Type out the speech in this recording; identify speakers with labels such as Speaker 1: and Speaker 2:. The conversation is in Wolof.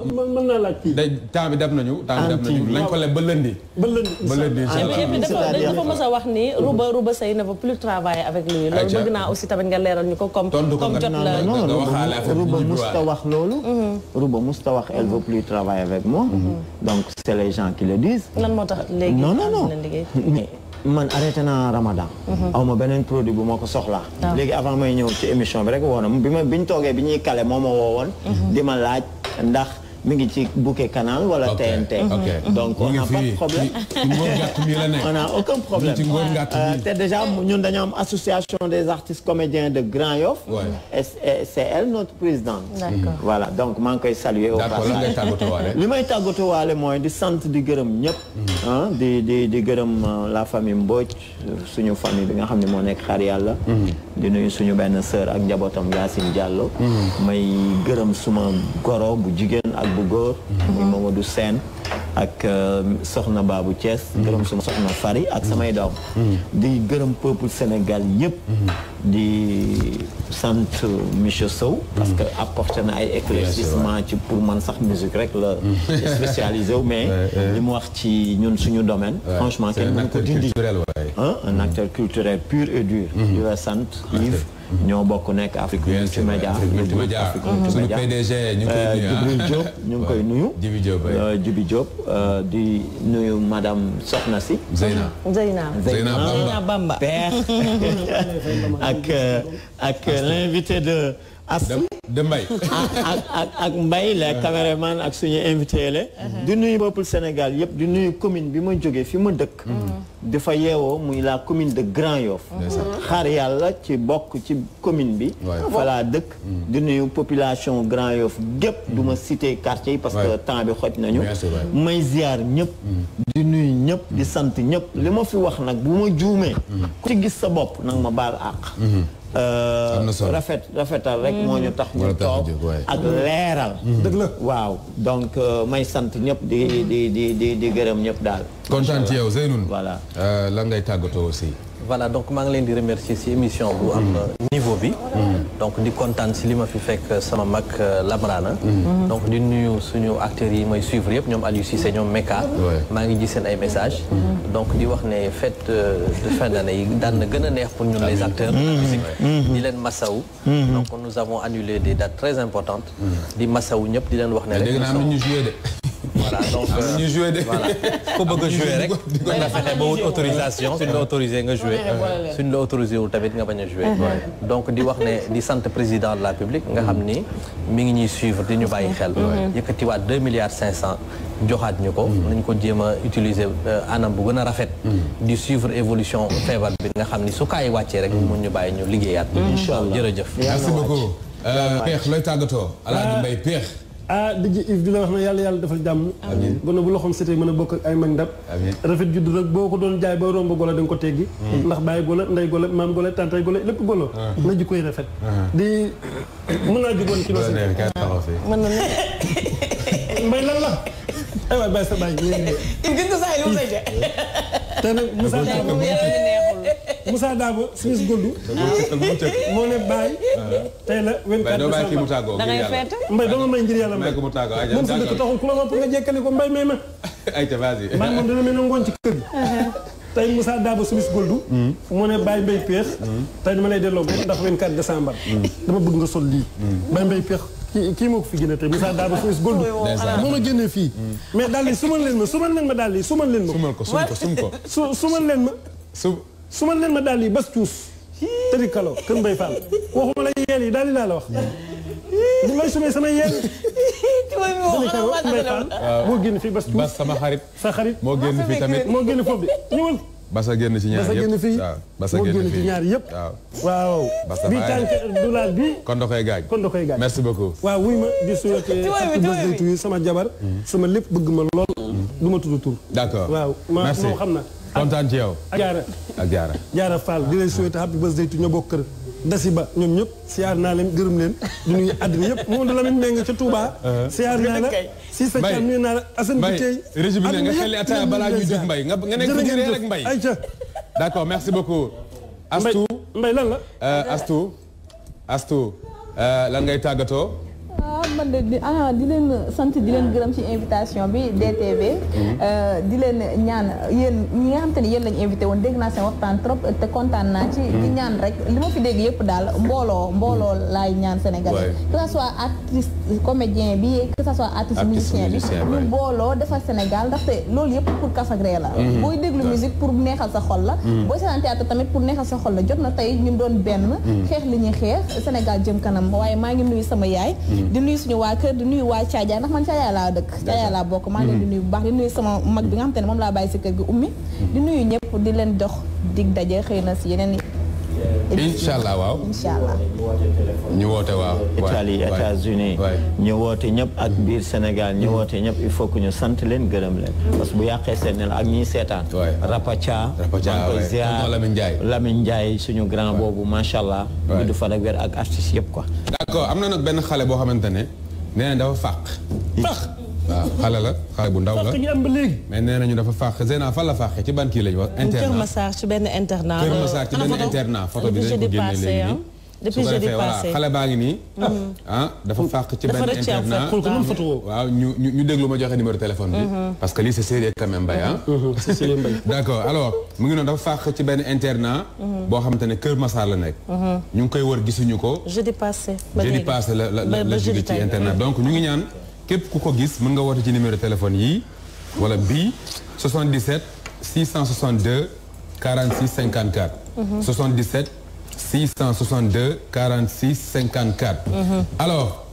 Speaker 1: mën naa laaj kii. day temps bi dab nañu. temps bi dab nañu lañ ko leb ba lëndi. ba lëndi ba lëndi
Speaker 2: dafa dafa mos a wax ni. Rouba Rouba Seye ne veut plus travailler avec lui. loolu bëgg naa aussi tamit nga leeral ñu ko comme. comme jot la non non Rouba musta
Speaker 3: wax loolu. Mhm. Rouba musta wax elle veut plus travailler avec moi. Mhm. donc c' est man arrêté naa Ramadan. Mhm. aw ma beneen produit bu ma ko soxlaa. Ah. léegi avant may ñëw ci émission bi rek woo bi ñu toogee bi ñuy kale moo ma woo di ma laaj ndax. mi ngi ci bouquet canal wala TNT. Mhm. donc on n'a pas de problème. on n'a aucun euh, association des artistes comédiens de Grand Yoff. et c'est elle mhm. donc maa ngi koy saluer li may tàggatoo waale mooy di sant di gërëm ñëpp. Mhm. Ah, di di di gërëm euh, la famille Mbodj suñu famille bi nga xam ne moo nekk xar yàlla. di suñu benn sœur ak njabootam Yacine Diallo. may gërëm suma goro bu jigéen bu góor muy mhm. Mamadou Sène ak euh, soxna baabu cees gërëm mhm. suma soxna Fari ak samay mhm. doom di gërëm peuple Sénégal yëpp di sant monsieur Sow parce que apporté na ay éclaircissement ci pour man sax musique rek la spécialisé wu mais li mu wax ci ñun suñu domaine franchement kenn mënu ko culturel pur et dur di la sant Yves ñoo bokk nekk Afrique Multimédia. Afrique Multimédia suñu PDG ñu ngi koy euh, nuyu Djibril ah. Diop ñu euh, euh, di nuyu madame Soxna si. Zeyna
Speaker 2: Zeyna Zeyna Bamba père
Speaker 3: l'invité de. Astou de Mbaye ah, ak ak ak Mbaye la caméraman ak suñu invité le uh-huh. di nuyu peuple Sénégal yëpp di nuyu commune bi ma jógee fi ma dëkk mm-hmm. dafa yeewoo muy la commune de Grand Yoff mm-hmm. xaar yàlla ci bokk ci commune bi voilà dëkk mm-hmm. di nuyu population Grand Yoff gépp du ma cité quartier yi parce que temps bi xoj nañu may ziar ñëpp di nuyu ñëpp di sant ñëpp li ma fi wax nag bu ma juumee ku ci gis sa bopp nag ma baal àq Euh, rafet rafetal rek moo ñu tax ñu toog ak leeral mm. waaw donc euh, may sant ñëpp di di di di gërëm ñëpp daal kontaan ci yow Zeynoun voilà euh, lan ngay tàggatoo aussi voilà donc maa ngi leen di remercier si émission bu am mm. niveau
Speaker 1: bi mm. donc di kontaan si li ma fi fekk sama mag Lamrana mm-hmm. donc di nuyu suñu acteurs yi mooy suivre yëpp ñoom Aliou Cissé ñoom Meka maa ngi gis seen ay messages donc di wax ne fête de fin yi daan na gën a neex pour ñun les ah acteurs musique Mm-hmm. di leen masawu. Mm-hmm. donc nous avons annulé des dates très importantes. Mm-hmm. di masawu ñëpp di leen wax ne rek. ñu joué de. voilà donc ah, euh, ñu joué de. voilà
Speaker 3: ku bëgg a joué rek. nga fexe
Speaker 1: autorisé nga joué. Euh, suñ la autorisé wul tamit nga bañ a joué. donc di wax ne di sant président la République nga xam ni mi ngi ñuy suivre di ñu bàyyi xel. yëkkatiwaat deux milliards cinq cent joxaat ñu ko. Mm. nañ ko jéem a utiliser euh, anam bu gën a rafet. Mm. di suivre évolution feebar bi nga xam ni su kaay wàccee rek. Mm. mun ñu bàyyi ñu liggéeyaat. incha allah jëf merci beaucoup. Péex looy tàggatoo. Alaaji ah. Mbay ah di ji Yves
Speaker 2: di la wax na yàlla yàlla defal jàmm gone bu loxoom setee mën na bokk ak ay mag ndab rafet judd nag boo ko doon jaay ba romb golo da nga ko teggi hmm. ndax bàyyi golo ndey golo maam golo tantay golo lépp golo ah. na ji koy rafet ah. di mën naa jugoon ci loolu mën na ne mbay lan la ay waay bàyyi sa bàyyi gis nga saa yi lu mu lay te nag Moussa Moussa Dabo Suisse Goudou. moo ne Baye. tey la 24 mbay dama may ngir yàlla ko mu tàggoo
Speaker 1: ay mbay may ma. ayca vas-y. maa moom
Speaker 2: dina mel ne ngoon ci kër gi. tey Moussa hmm. hmm. dama ba hmm. bëgg nga sol lii. Baye Mbaye Péex. kii moo ko fi a tey Moussa Dabo Suisse Gold. moo ma génne fii. mais daal di sumal leen ma sumal leen ma daal di sumal leen ma. sumal ko sum ko sum ko. sumal leen ma. su ma leen ma daal yi bas tuus tëri kalo kër mbay Fall waxuma la yeel yi daal di laa la wax li may sumee sama yeel tëri
Speaker 1: moo génn fii bas tuus sama xarit sa xarit moo génn fii tamit moo
Speaker 2: génn foofu bi ñëwal
Speaker 1: basa génn ci ñaar yëpp basa génn ci ñaar yëpp waaw bi tànk dulaat bi kon da koy gaañ kon da koy gaañ merci beaucoup
Speaker 2: waaw wuy ma di suwete sama jabar sama lépp bëgg ma lool du ma tudd tur d'accord waaw ma xam na
Speaker 1: kontaan ci yow. ak jaara ak jaara.
Speaker 2: jaara Fall di leen souhaité happy birthday tu ñoo bokk kër. dasi ba ñoom ñëpp siyaar naa leen gërëm leen di nuyu àddina yëpp moom da la mit nga ca Touba uh-huh. siyaar naa la
Speaker 1: si sa cam nuyu naa la Assane bi tey réjubile nga xelli ataaya balaa ñuy jóg mbay nga nekk ci réer rek mbay ayca d'accord merci beaucoup Astou mbay lan la euh, Astou euh, lan ngay tàggatoo
Speaker 3: ah, man di ah leen sant di leen gërëm ci invitation bi DTV. Mhm. Euh, di leen ñaan yéen ñi nga xam te ne yéen lañu invité woon dégg naa seen waxtaan trop te kontaan naa ci. Mhm. di ñaan rek li ma fi dégg yëpp daal mbooloo mbooloo mhm. laay ñaan Sénégalais. que ça soit artiste comédien bi que ça soit artiste musicien bi. ñu mbooloo defal Sénégal ndaxte loolu yëpp pour kafagree la. booy déglu musique pour neexal sa xol la. booy seetaan théâtre tamit pour neexal sa xol la jot na tey ñu doon benn. xeex li ñuy xeex Sénégal jëm kanam waaye maa ngi sama yaay. suñu waa kër di nuyu waa Thiadiaye ndax man Thiadiaye laa dëkk Thiadiaye laa bokk maa leen di hmm. nuyu bu baax di nuyu sama mag bi nga xam te ne moom laa bàyyi si kër gi ummi hmm. di nuyu ñëpp di leen dox dig daje xëy na si yeneen incha waaw incha ñu woote waaw. Italie États-Unis ñu woote ñëpp ak biir Sénégal ñu hmm. woote ñëpp il faut ñu sant leen gërëm leen. parce que bu yàqee seen ne ak ñiy seetaan. Rapacha. Rapacha waay koy ziar suñu grand boobu macha allah. waay
Speaker 1: gudd yëpp quoi. boo xamante ne. nee na dafa fàq. fàq waaw xale la bu ndaw la fàq ñu am ba léegi. mais nee nañu dafa fàq Zeyna fan la fàqee ci ban kii lañu wax. internat Kër Massar
Speaker 2: ci benn internat. Kër Massar ci benn internat
Speaker 1: photo bi dañ ko génne depuis jeudi passé xale baa ngi nii. Mm. ah dafa fàq ci benn internat ah, waaw ñu ñu ñu déglu ma joxe numéro téléphone bi. Mm-hmm. parce que lii c'est sérieux quand même Mbaye ah. Mm-hmm. mu ngi noonu dafa fàq ci benn internat. Mm-hmm. boo xamante ne Kër Massar la nekk. ñu ngi koy war gisuñu ko. jeudi passé ba jeudi passé la la la ci internat donc ñu ngi ñaan képp ku ko gis mën nga woote ci numéro téléphone yii wala bii 77 662 46 54. 77. 662 46 54. alors